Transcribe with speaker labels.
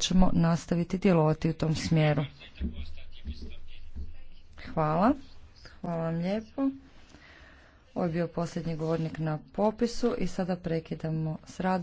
Speaker 1: ćemo nastaviti djelovati u tom smjeru. Hvala. Hvala vam lijepo. Ovo je bio posljednji govornik na popisu i sada prekidamo s radom.